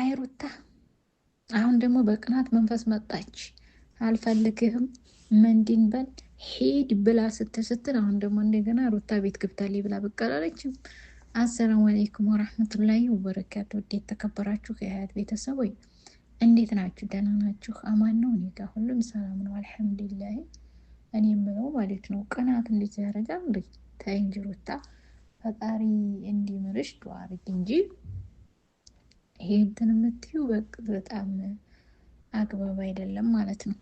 አይ ሩታ፣ አሁን ደግሞ በቅናት መንፈስ መጣች። አልፈልግህም መንዲን በል ሂድ ብላ ስትስትል አሁን ደግሞ እንደገና ሩታ ቤት ግብታሌ ብላ ብቅ አሰላሙ አሌይኩም ወራህመቱላሂ ወበረካቱ። ውዴት ተከበራችሁ የሀያት ቤተሰብ እንዴት ናችሁ? ደህና ናችሁ? አማን ነው? እኔ ጋ ሁሉም ሰላም ነው አልሐምዱሊላህ። እኔ የምለው ማለት ነው ቅናት እንደዚህ ያደርጋል እንዴ? ተይ እንጂ ሩታ፣ ፈጣሪ እንዲምርሽ ዱአ አድርጊ እንጂ ይሄ እንትን የምትዩ በጣም አግባብ አይደለም ማለት ነው።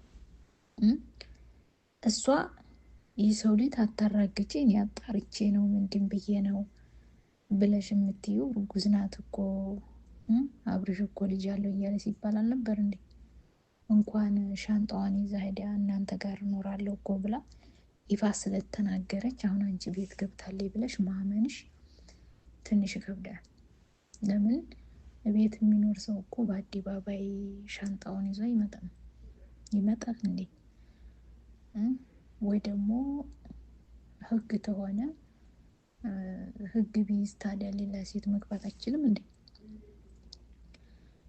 እሷ ይህ ሰው ልጅ አታራግጬ እኔ አጣርቼ ነው ምንድን ብዬ ነው ብለሽ የምትዩ እርጉዝ ናት እኮ አብርሽ እኮ ልጅ አለው እያለ ይባላል ነበር እንዴ? እንኳን ሻንጣዋን ይዛ ሄዳ እናንተ ጋር እኖራለሁ እኮ ብላ ይፋ ስለተናገረች አሁን አንቺ ቤት ገብታለች ብለሽ ማመንሽ ትንሽ ይከብዳል። ለምን እቤት የሚኖር ሰው እኮ በአደባባይ ሻንጣውን ይዞ አይመጣም። ይመጣል እንዴ? ወይ ደግሞ ህግ ተሆነ ህግ ቢይዝ ታዲያ ሌላ ሴት መግባት አይችልም እንዴ?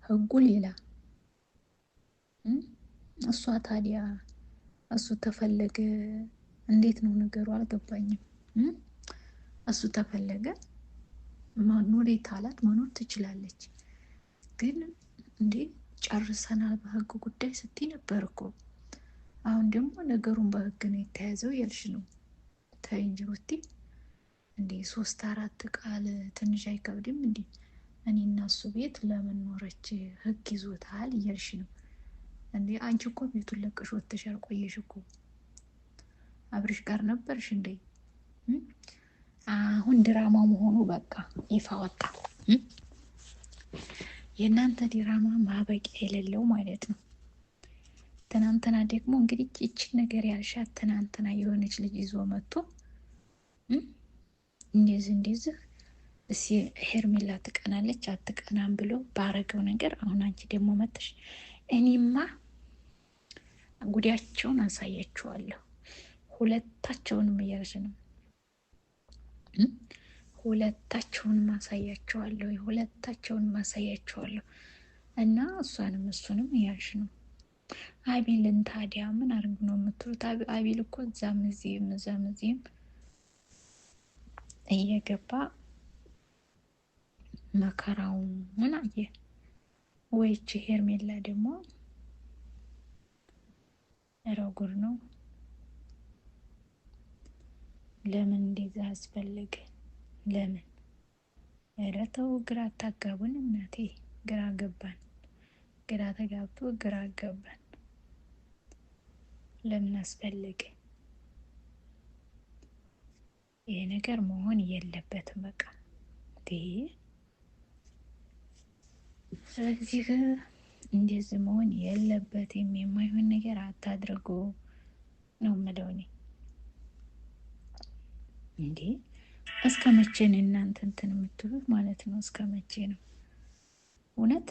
ህጉ ሌላ እሷ ታዲያ እሱ ተፈለገ እንዴት ነው ነገሩ? አልገባኝም። እሱ ተፈለገ መኖር የታላት መኖር ትችላለች። ግን እንዴ ጨርሰናል በህግ ጉዳይ ስትይ ነበር እኮ። አሁን ደግሞ ነገሩን በህግ ነው የተያዘው ያልሽ ነው። ተይ እንጂ ሩቲ እንዴ ሶስት አራት ቃል ትንሽ አይከብድም እንዴ? እኔ እና እሱ ቤት ለምን ኖረች ህግ ይዞታል እያልሽ ነው እንዴ? አንቺ እኮ ቤቱን ለቅሽ ወጥተሽ አልቆየሽ እኮ አብርሽ ጋር ነበርሽ እንዴ? አሁን ድራማ መሆኑ በቃ ይፋ ወጣ። የእናንተ ዲራማ ማበቂያ የሌለው ማለት ነው። ትናንትና ደግሞ እንግዲህ ይችን ነገር ያልሻት ትናንትና የሆነች ልጅ ይዞ መጥቶ እንደዚህ እንደዚህ እስ ሄርሜላ ትቀናለች አትቀናም ብሎ ባረገው ነገር አሁን አንቺ ደግሞ መጥሽ እኔማ ጉዳያቸውን አሳያችኋለሁ። ሁለታቸውንም እያረሽ ነው ሁለታቸውን ማሳያቸዋለሁ ሁለታቸውን ማሳያቸዋለሁ እና እሷንም እሱንም ያሽ ነው። አቢልን ታዲያ ምን አድርግ ነው የምትሉት? አቢል እኮ እዛም እዚህም እዛም እዚህም እየገባ መከራውን አየ። ወይች ሄርሜላ ደግሞ ረጉር ነው። ለምን እንደዛ አስፈልግህ? ለምን ኧረ ተው ግራ አታጋቡን እናቴ ግራ ገባን ግራ ተጋብቶ ግራ ገባን ለምን አስፈለገ ይሄ ነገር መሆን የለበትም በቃ ስለዚህ እንደዚህ መሆን የለበትም የማይሆን ነገር አታድርጉ ነው የምለው እኔ እንዴ እስከ መቼ ነው እናንተ እንትን የምትሉት ማለት ነው? እስከ መቼ ነው እውነት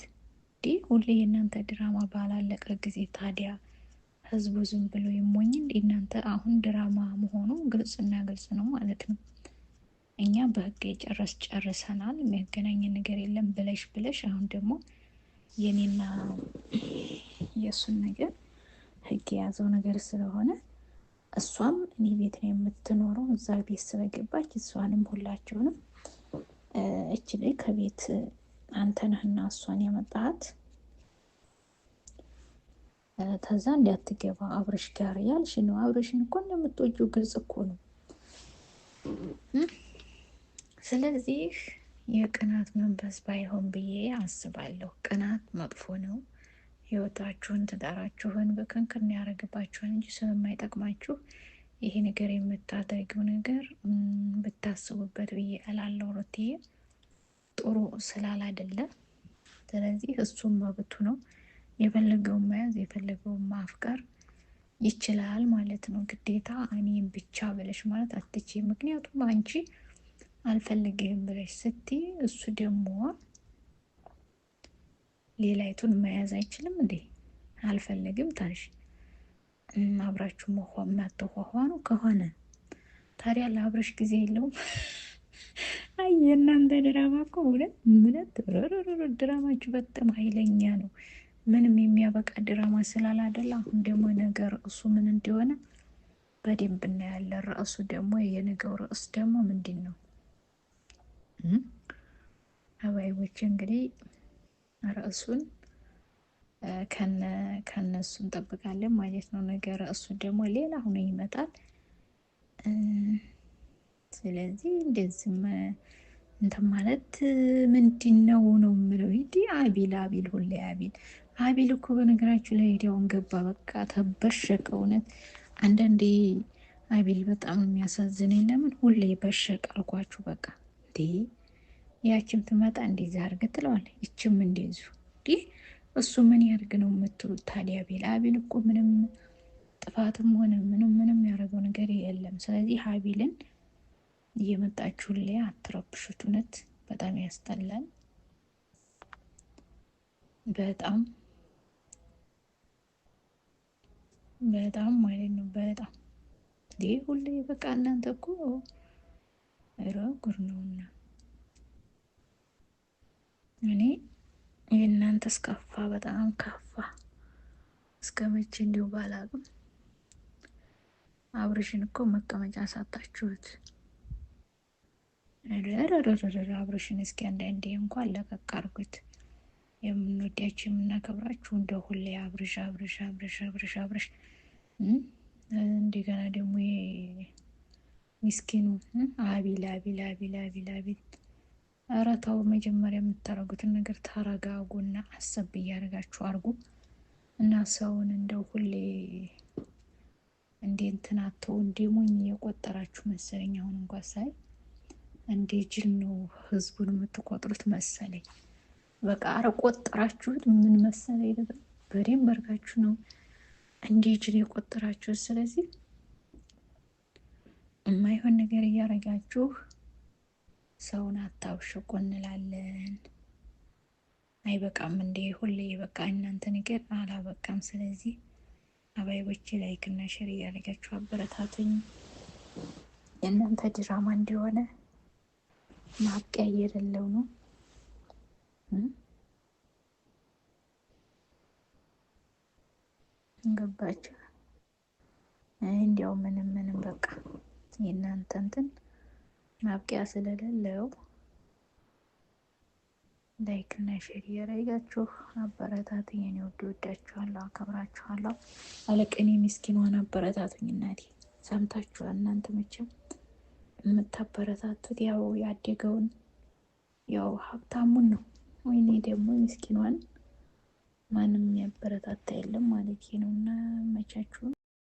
እንዲህ ሁሌ የእናንተ ድራማ ባላለቀ ጊዜ ታዲያ ህዝቡ ዝም ብሎ ይሞኝ? እናንተ አሁን ድራማ መሆኑ ግልጽና ግልጽ ነው ማለት ነው። እኛ በህግ የጨረስ ጨርሰናል፣ የሚያገናኝ ነገር የለም ብለሽ ብለሽ አሁን ደግሞ የኔና የእሱን ነገር ህግ የያዘው ነገር ስለሆነ እሷም እኔ ቤት ነው የምትኖረው። እዛ ቤት ስለገባች እሷንም ሁላቸውንም እች ላይ ከቤት አንተ ነህና እሷን ያመጣሃት ከዛ እንዲያትገባ አብረሽ ጋር ያልሽ ነው። አብረሽን እኮ እንደምትወጂው ግልጽ እኮ ነው። ስለዚህ የቅናት መንፈስ ባይሆን ብዬ አስባለሁ። ቅናት መጥፎ ነው። ህይወታችሁን፣ ትዳራችሁን በክንክር ነው ያደረግባችሁን እንጂ ስለማይጠቅማችሁ ይሄ ነገር የምታደርጊው ነገር ብታስቡበት ብዬ እላለሁ። ሩትዬ ጥሩ ስላላደለ ስለዚህ እሱም መብቱ ነው። የፈለገውን መያዝ የፈለገውን ማፍቀር ይችላል ማለት ነው። ግዴታ እኔም ብቻ ብለሽ ማለት አትችይ። ምክንያቱም አንቺ አልፈልግህም ብለሽ ስትይ እሱ ደግሞ ሌላይቱን መያዝ አይችልም እንዴ? አልፈለግም ታልሽ አብራችሁ ነው ከሆነ ታዲያ ለአብረሽ ጊዜ የለውም። አይ የእናንተ ድራማ እኮ እውነት ምነት ርርር ድራማችሁ በጣም ኃይለኛ ነው። ምንም የሚያበቃ ድራማ ስላላደለ አሁን ደግሞ ነገ ርዕሱ ምን እንደሆነ በደንብ እናያለን። ርዕሱ ደግሞ የነገው ርዕስ ደግሞ ምንድን ነው? አባይቦች እንግዲህ ርዕሱን ከነሱ እንጠብቃለን ማለት ነው። ነገ ርዕሱን ደግሞ ሌላ ሁኖ ይመጣል። ስለዚህ እንደዚህ እንትን ማለት ምንድን ነው ነው የምለው። ሂዲ አቢል አቢል ሁሌ አቢል አቢል እኮ በነገራችሁ ላይ ሄዲያውን ገባ በቃ ተበሸቀ። እውነት አንዳንዴ አቢል በጣም የሚያሳዝነኝ ለምን ሁሌ በሸቀ አልኳችሁ በቃ እንዴ ያችም ትመጣ እንደዛ አርገ ትለዋለ። ይችም እንደዙ እንዲህ እሱ ምን ያርግ ነው የምትሉት ታዲያ? ቤል አቤል እኮ ምንም ጥፋትም ሆነ ምንም ምንም ያደረገው ነገር የለም። ስለዚህ ሀቢልን እየመጣችሁ ላይ አትረብሹት። እውነት በጣም ያስጠላል። በጣም በጣም ማለት ነው። በጣም ሁሌ በቃ እናንተ እኮ ኧረ ጉርነውና እኔ የእናንተ እስከፋ በጣም ከፋ። እስከ መቼ እንዲሁ ባላቅም አብርሽን እኮ መቀመጫ ሳታችሁት። አብርሽን እስኪ አንዳንዴ እንኳን ለቀቅ አርጉት። የምንወዳችሁ የምናከብራችሁ እንደ ሁሌ አብርሽ አብርሽ አብርሽ አብርሽ አብርሽ። እንደገና ደግሞ ምስኪኑ አቢል አቢል አቢል አቢል አቢል ኧረ ተው መጀመሪያ የምታረጉትን ነገር ተረጋጉና አሰብ እያደረጋችሁ አርጉ እና ሰውን እንደው ሁሌ እንዴ እንትን አተው እንዴ ሞኝ የቆጠራችሁ መሰለኝ። አሁን እንኳ ሳይ እንዴ ጅል ነው ህዝቡን የምትቆጥሩት መሰለኝ። በቃ አረ ቆጠራችሁት ምን መሰለኝ ነበር በደንብ አድርጋችሁ ነው እንዴ ጅል የቆጠራችሁት። ስለዚህ የማይሆን ነገር እያረጋችሁ ሰውን አታብሽቁ እንላለን። አይበቃም እንዴ? ሁሌ በቃ እናንተ ነገር አላበቃም። ስለዚህ አባይቦቼ ላይክ እና ሼር እያደረጋችሁ አበረታቱኝ። የእናንተ ድራማ እንደሆነ ማብቂያ እየሌለው ነው። ገባችሁ? እንዲያው ምንም ምንም በቃ የእናንተ እንትን ማብቂያ ስለሌለው ላይክ እና ሼር እያደረጋችሁ አበረታትኝ። እኔ ወድ ወዳችኋለሁ፣ አከብራችኋለሁ። አለቀኔ ምስኪኗን አበረታትኝ። እናቴ ሰምታችኋል። እናንተ መቼም የምታበረታቱት ያው ያደገውን ያው ሀብታሙን ነው። ወይኔ ደግሞ ምስኪኗን ማንም የሚያበረታታ የለም ማለት ነው እና መቻችሁን